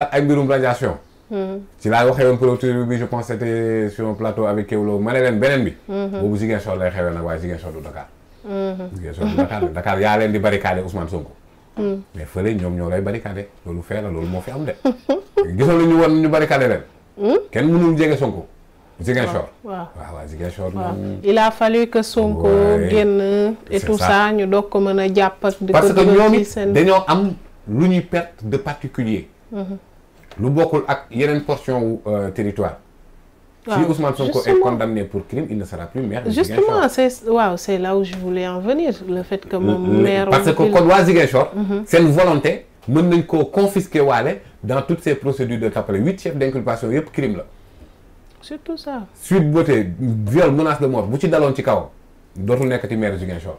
ak mbirum radiation. ci hmm. laay waxee woon producteur bi je pense c'était sur plateau avec Kewlo leen beneen bi. Hmm. boobu Ziguinchor lay xewee nag waaye Ziguinchor du hmm. du Dakar Dakar yaa leen di barricadé Ousmane Sonko. mais fële ñoom ñoo lay barricadé loolu fee loolu moo fi am de. gisoon nañu woon ñu barricadé leen. kenn mënul jege Sonko. Ziguinchor waaw waaw waaw Ziguinchor. il a fallu que Sonko génn. et tout ça ñu doog ko mën a jàpp ak. parce que ñoom it dañoo am lu bokkul ak yeneen portion wu euh, territoire. waaw si Ousmane Sonko est condamné pour crime il ne sera plus maire. justement c' est que moom maire parce que kon waa Ziguinchor. Mhm. seen volonté mën nañ koo confisquer waale dans toutes ces procédures de tapale huit chefs d' inculpation yëpp crime la. surtout ça. suite beauté viol menace de mort bu ci daloon ci kaw dootul nekkati maire Ziguinchor.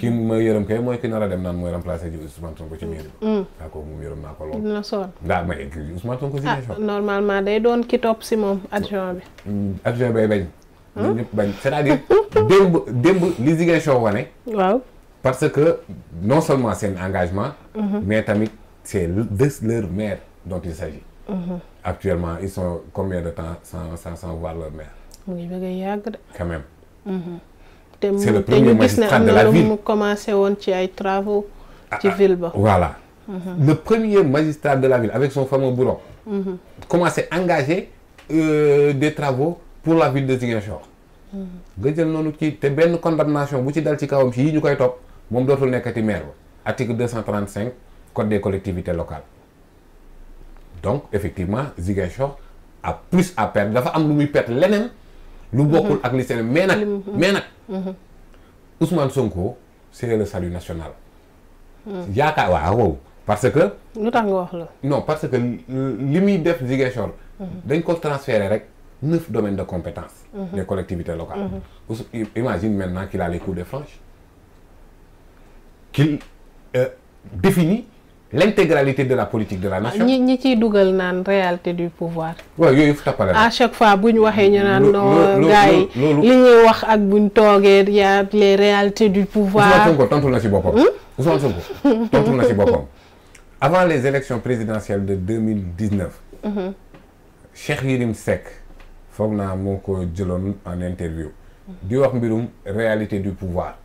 ki ma yërëm kay mooy ki nar a dem naan mooy remplacer ji Ousmane Sonko ci mairie ba waaw kooku moom yërëm naa ko lool dina sonn ndaa ma egg Ousmane Sonko si ah normalement day doon ki topp si moom adjoint bi mm, adjoint bay bañ hmm? na ñëpp bañ c'est-à-dire démb démb li Ziguinchor wane waaw parce que non seulement seen engagement mm-hmm. mais tamit c'est de leur maire dont il s'agit mm-hmm. actuellement ils sont combien de temps sans sans sans voir leur maire mu ngi bëgg a yàgg de quand même mm-hmm. te mu te ñu gis ne am na lu mu commencé woon ci ay travaux. Ah, ci ah, ville ba voilà. Mhm. le premier magistrat de la ville avec son fameux bureau. Mhm. commencé engagé euh, des travaux pour la ville de Ziguinchor. Mhm. nga jël noonu ci te benn condamnation bu ci dal ci kawam ci yi ñu koy topp moom dootul nekkati maire ba. article 235 de des collectivités locales donc effectivement Ziguinchor a plus à perdre dafa am lu muy perdre leneen. lu mhm. bokkul ak li seen mais nag mais nag mhm. Mhm. Ousmane Sonko c'est le salut national yaakaar waaw parce que lu tax nga wax la non parce que li muy def Ziguinchor dañ ko transférer rek neuf domaines de compétence des collectivités locales imagine maintenant qu'il a les coups de franche qu'il euh, définit l'intégralité de la politique de la ah, nation. ñi ñi ciy dugal naan réalité du pouvoir. waaw yooyu tappale la à chaque fois bu ñu waxee ñu naan. loo gars li ñuy wax ak buñ toogee yaa les réalité du pouvoir. Ousmane Sonko tontu na ci boppam. Hmm? Ousmane Sonko tontu na ci boppam. avant les élections présidentielles de deux mille dix neuf. Hmm. Cheikh Yérim Seck foog naa moo ko jëloon en interview. Hmm. di wax mbirum réalité du pouvoir.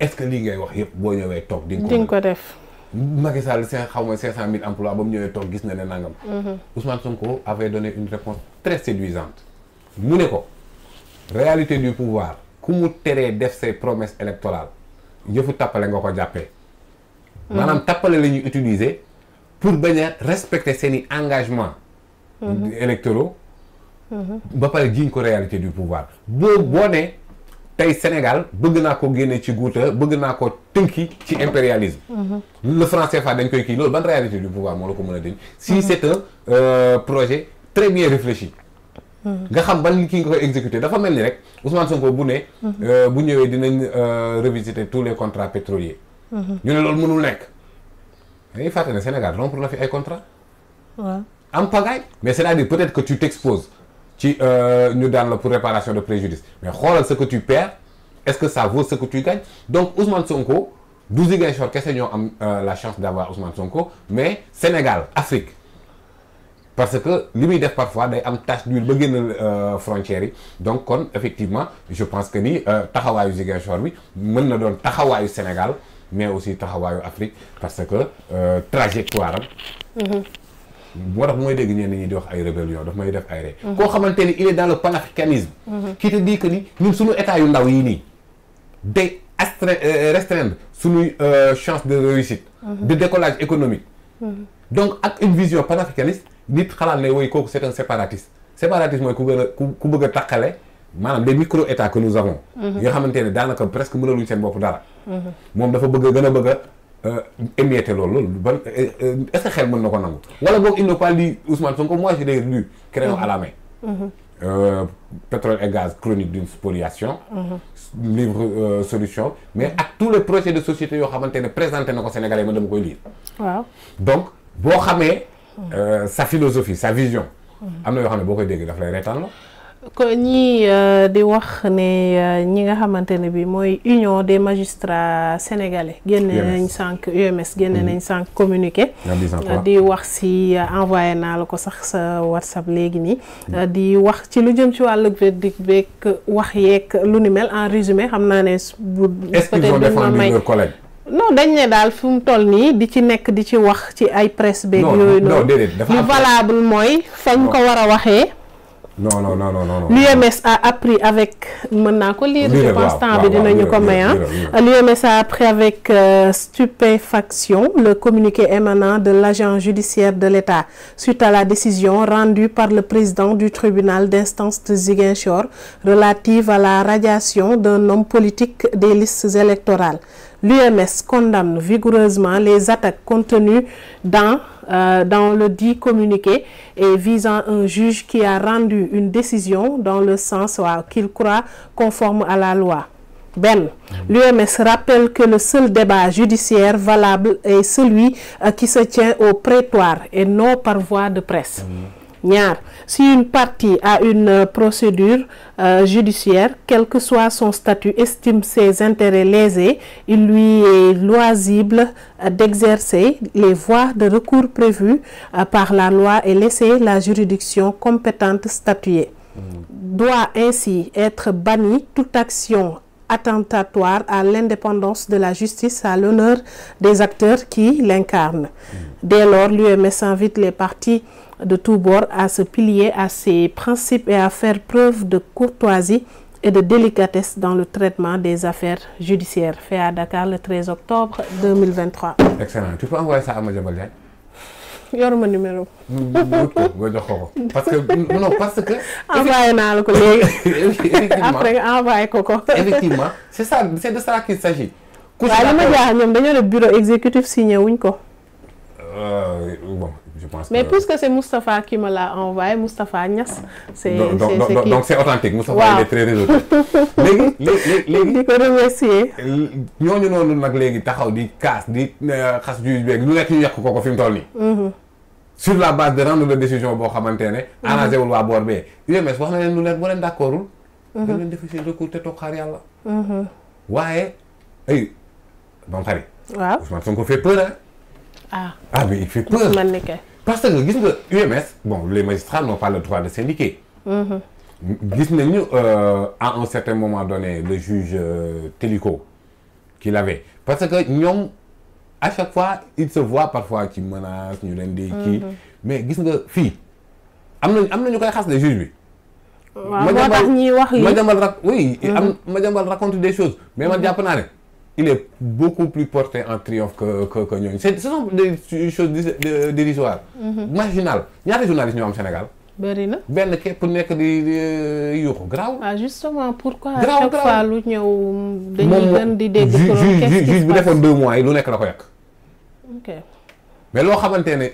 est-ce que lii ngay wax yëpp boo ñëwee toog di ko def. Macky Sall cinq xaw ma cinq cent mille emplois ba mu ñëwee toog gis na ne nangam. Mhm. Ousmane Sonko avait donné une réponse très séduisante mu ne ko réalité du pouvoir ku mu teree def ses promesses électorales yëfu tappale nga ko jàppee. Mhm. maanaam tappale la ñuy utiliser pour bañ a respecter seen i engagements. Mhm. électoraux. ba pare jiñ ko réalité du pouvoir boo boo nee. tey Sénégal bëgg naa ko génne ci guuta bëgg naa ko tënki ci impérialisme mhm. le franc CFA dañ koy kii loolu ban réalité du pouvoir moo la ko mën a deñ si mhm. c'est un euh, projet très bien réfléchi mhm. nga xam ban kii nga koy exécuté dafa mel ni rek Ousmane Sonko bu ne euh, bu ñëwee dinañ euh, revisiter tous les contrats pétroliers ñu ne loolu mënul nekk dañuy fàtte ne Sénégal rompre na fi ay contrat waaw am pagaille mais c'est-à-dire peut-être que tu t'exposes ci euh, ñu daan la pour réparation de préjudice mais xoolal ce que tu perds est-ce que ça vaut ce que tu gagnes donc Ousmane Sonko du Ziguinchor kese ñoo am euh, la chance d'avoir Ousmane Sonko mais Sénégal Afrique parce que li muy def parfois day am tache d'huile ba génn euh, frontières yi donc kon effectivement je pense que ni taxawaayu Ziguinchor bi mën na doon taxawaayu Sénégal mais aussi taxawaayu Afrique parce que trajectoire am mm-hmm. moo tax bu may dégg ñenn ñi di wax ay rébellion daf may def ay ree mhm. koo xamante ni il est dans le mhm. te dit que ni ñun suñu état yu ndaw yii nii day euh, restreindre suñuy euh, chance de réussite mhm. de décollage économique donc ak une vision panafricaniste nit xalaat ne woy kooku c'est un séparatiste mooy ku gën a ku bëgg a taqale maanaam des micro états que nous avons nga xamante ne daanaka presque mënaluñ seen bopp dara moom dafa bëgg gën a bëgg Euh, émietté loolu loolu ban euh, euh, est que xel mën na ko nangu wala boog il n'a pas lu Ousmane Sonko moi j'ai lu crayon à la main mm-hmm. Euh, pétrole et gaz chronique d'une spoliation mmh. livre solution mais ak tous les projets de société yoo xamante ne présenté na ko Sénégalais ma dama koy lire waaw donc boo xamee mm-hmm. euh, sa philosophie sa vision mm-hmm. am na yoo xam ne boo koy dégg daf lay reetaan la ko ñii euh, di wax ne euh, ñi nga xamante ne bi mooy union des magistrats sénégalais génne nañ sànq UMS génne mm-hmm. nañ sànq communiqué euh, di wax si envoyé naa la ko sax sa whatsapp léegi ni mm-hmm. di wax ci lu jëm ci wàll verdict beeg wax yeeg lu ni mel en résumé xam naa ne bu peut-être dañ ma may non ne daal fu toll nii di ci nekk di ci wax ci ay presse beeg yooyu noonu valable mooy fañ ko war a non non non non. L'UMS a appris avec mën naa ko lire. je pense temps bi dinañu ko may L'UMS a appris avec euh, stupéfaction le communiqué émanant de l'agent judiciaire de l'État suite à la décision rendue par le président du tribunal d'instance de Ziguinchor relative à la radiation d'un homme politique des listes électorales. L'UMS condamne vigoureusement les attaques contenues dans euh, dans le dit communiqué et visant un juge qui a rendu une décision dans le sens waaw qu'il croit conforme à la loi. Ben, l'UMS rappelle que le seul débat judiciaire valable est celui euh, qui se tient au prétoire et non par voie de presse. ñaar si une partie a une euh, procédure euh, judiciaire quel que soit son statut estime ses intérêts lésés il lui est loisible euh, d'exercer les voies de recours prévues euh, par la loi et laisser la juridiction compétente statuer mmh. doit ainsi être banni toute action attentatoire à l'indépendance de la justice, à l'honneur des acteurs qui l'incarnent. Mm. Dès lors, l'UMS invite les partis de tous bords à se plier à ses principes et à faire preuve de courtoisie et de délicatesse dans le traitement des affaires judiciaires. Fait à Dakar le 13 octobre 2023. que non parce envoyé naa la ko léegi. après nga envoyé ko ko. effectivement c' ça c' de ça qu' il s' agit. ma jaaxal ñoom dañoo def bureau exécutif signé wuñ ko. pense mais que... puisque c'est Moustapha qui me l'a envoyé Moustapha Niass. c'est donc donc donc c'est authentique Moustapha wow. léegi léegi léegi di ko remercier. ñooñu noonu nag léegi taxaw di kaas di xas juge beeg lu nekk ñu yàq ko ko fi mu toll nii. Mm-hmm. sur la base de rendre la décision boo xamante ne. Mm-hmm. arrangé wul waa boor bee. UMS wax na leen lu nekk bu leen d'accordul. Mm-hmm. dañ leen defi seen recours te toog xaar yàlla. waaye ay bam xarit. waaw Ousmane Sonko fait peur ah. ah il fait peur parce que gis nga UMS bon les magistrats n'ont pas le droit de syndiquer. Mm-hmm. gis nañu euh, à un certain moment donné le juge euh, Télico qu'il avait parce que ñoom à chaque fois il se voit parfois ci menace ñu leen di. kii mm-hmm. mais gis nga fii am nañu am nañu koy xas le juge bi. waaw moo tax ñuy wax yi ma jambal mm-hmm. ma jambal raconte des choses mais man jàpp naa ne. il est beaucoup plus porté en triomphe que que que ñooñu ce sont des choses dérisoires. Mhm. marginales ñaata journalistes ñoo am Sénégal. bëri na benn képp nekk di yuuxu garaaw. ah justement pourquoi. à chaque fois lu ñëw. dañuy gën di dégg pour juge bi defoon deux mois yi lu nekk la ko yàq. ok mais loo xamante ne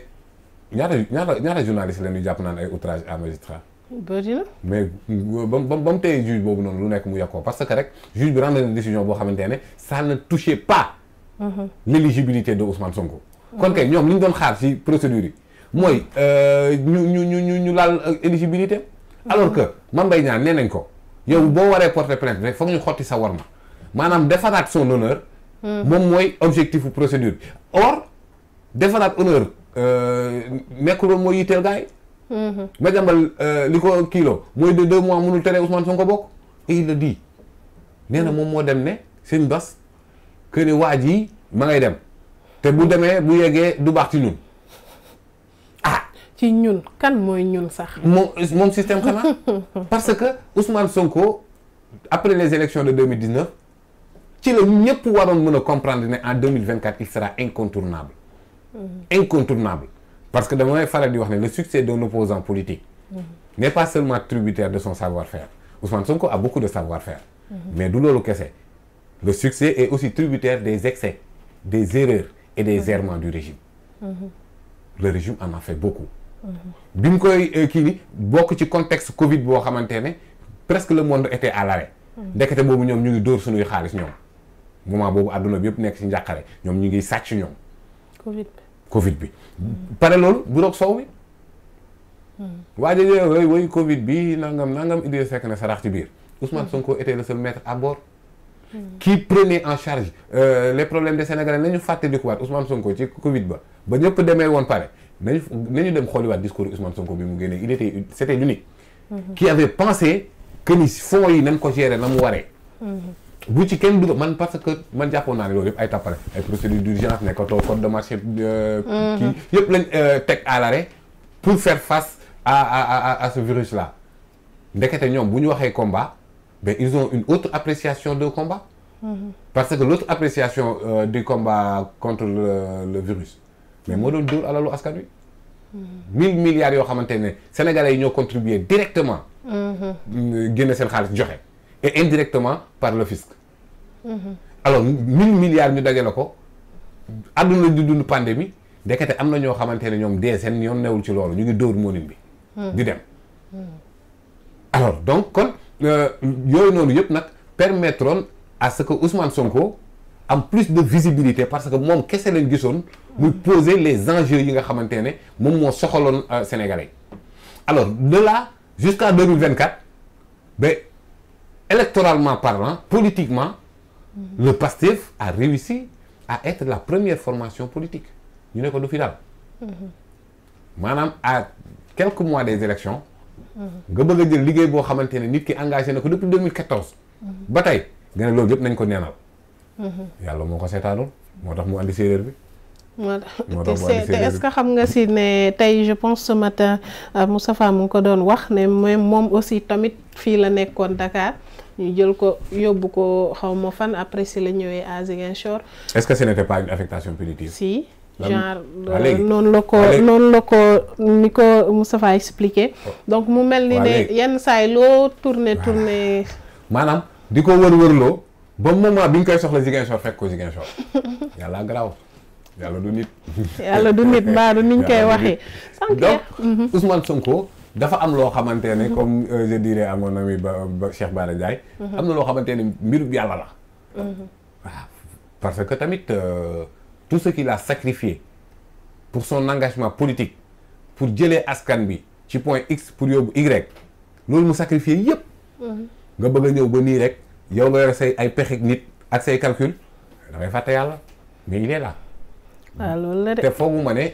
ñaata ñaata ñaata journaliste la ñuy jàpp naan ay outrage à magistrat. bëri na ba mu ba tey juge boobu noonu lu nekk mu yokkoo parce que rek juge bi rendre na décision boo xamante ne ça ne touchait pas. Uh-huh. l'éligibilité de Ousmane Sonko. Uh-huh. kon kay ñoom li ñu doon xaar ci procédure yi mooy euh, ñu ñu ñu ñu ñu laal euh, éligibilité. Uh-huh. alors que Mame Mbaye Niang nee ko yow boo waree porter plainte rek ñu xotti sa war ma maanaam defaraat son honneur. moom mooy objectif bu procédure bi or defaraat honneur euh, nekkul woon mooy yitteel gars ma mm-hmm. jàmbal euh, li ko kilo mooy de deux mois mënul tere Ousmane Sonko bokk et il le dit nee na moom moo dem ne seen bas que ni waa ji ma ngay dem te bu demee bu yeggee du baax ci ñun ah. ci ñun kan mooy ñun sax. moom moom système xanaa parce que Ousmane Sonko après les élections de 2019 ci la ñëpp waroon mën a comprendre ne en 2024 il sera incontournable. Mm-hmm. incontournable. parce que damay faral di wax ne le succès d'un opposant politique mm-hmm. n'est pas seulement tributaire de son savoir-faire Ousmane Sonko a beaucoup de savoir-faire mm-hmm. mais du loolu kese le succès et aussi tributaire des excès des erreurs et des mm-hmm. errements du régime le régime en a fait beaucoup bi mu koy euh, kii ni bokk ci contexte Covid boo xamante ne presque le monde était à l'arrêt ndekete boobu ñoom ñu ngi dóor suñuy xaalis ñoom moment boobu àdduna bi yëpp nekk ci njàqare ñoom ñu ngi sàcc ñoom Covid bi. pare loolu bu roog sow bi. Hmm. waa ji yooyu woy Covid bi nangam nangam Idrissa Seck na sarax ci biir Ousmane hmm. Sonko était le seul maître à bord. Hmm. qui prenait en charge euh, les problèmes des Sénégalais nañu fàttalikuwaat Ousmane Sonko ci Covid ba ba ñëpp demee woon pare nañu nañu dem xooliwaat discours Ousmane Sonko bi mu génnee il était c'était l'unique qui avait pensé que fonds yi nañ ko gérer na mu waree. bu ci kenn dugal man parce que man jàppoon naa ne loolu yëpp ay tappale ay procédure d'urgence nekkatoo code de marché euh, kii mhm. yëpp lañ euh, teg à pour faire face à à à ce virus là ndekete ñoom bu ñu waxee combat mais ils ont une autre appréciation de combat mhm. parce que l'autre appréciation euh, du combat contre le virus mais moo doon dóor alalu askan wi mhm. mille milliards yoo xamante ne sénégalais yi ñoo contribuer directement génne seen xaalis joxe et indirectement par le fisc. alors mille milliards ñu dagale ko àdduna di dund pandémie ndekete am na ñoo xamante ne ñoom dee seen yoon newul ci loolu ñu ngi dóor moonin bi di dem alors donc kon euh, yooyu noonu yëpp nag permettroon à ce que Ousmane Sonko am plus de visibilité parce que moom kese lañ gisoon muy poser les enjeux yi nga xamante ne moom moo soxaloon euh, Sénégalais alors de là jusqu'à 2024 ba électoralement parlant politiquement le PASTEF a réussi à être la première formation politique ñu ne ko du fi daal maanaam à quelques mois des élections nga bëgg a jël liggéey boo xamante ne nit ki engagé na ko depuis 2014 ba tey nga loolu yëpp nañ ko neenal yàlla moo ko seetaanul moo tax mu andi séeréer bi moo tax est-ce que xam nga si ne tey je pense ce matin euh, Moustapha mu ngi ko doon wax ne moom aussi tamit fii la nekkoon Dakar ñu jël ko yóbbu ko xaw ma fan après si la ñëwee à Ziguinchor. est-ce que ce n'était pas une affectation punitive. si genre euh, noonu la ko noonu la ko ni ko Moustapha expliqué. Oh. donc mu mel ni ne yenn saay loo tourné tourné. maanaam di ko wër-wërloo ba moment bi nga koy soxla Ziguinchor fekk ko Ziguinchor yàlla garaaw yàlla du nit. yàlla du nit mbaa du niñ koy waxee. dafa am loo xamante ne comme euh, je dirais à ami ba ba Cheikh Bara Ndiaye. Mhm. am na loo xamante ne mbirub yàlla la. Mhm. waaw parce que tamit euh, tout ce qu'il a sacrifié pour son engagement politique pour jëlee askan bi ci point X pour yóbbu Y loolu mu sacrifié yëpp. Mhm. nga bëgg a ñëw ba nii rek yow nga yore say ay pexe nit ak say calcul da ngay fàtte yàlla mais il est là. waaw ah, loolu la de te foogu ma ne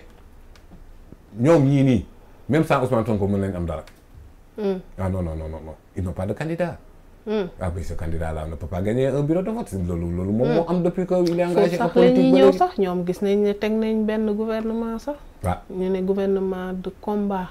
ñoom ñii nii. même sans Ousmane Sonko mën nañ am dara. Hmm. ah non non non non ils pas de candidat. Hmm. ah oui ce candidat là ne peut pas gagner bureau de vote loolu loolu. moom hmm. moo am depuis que il est ñëw sax ñoom gis nañ ne teg nañ benn gouvernement sax. waaw ñu ne gouvernement de combat.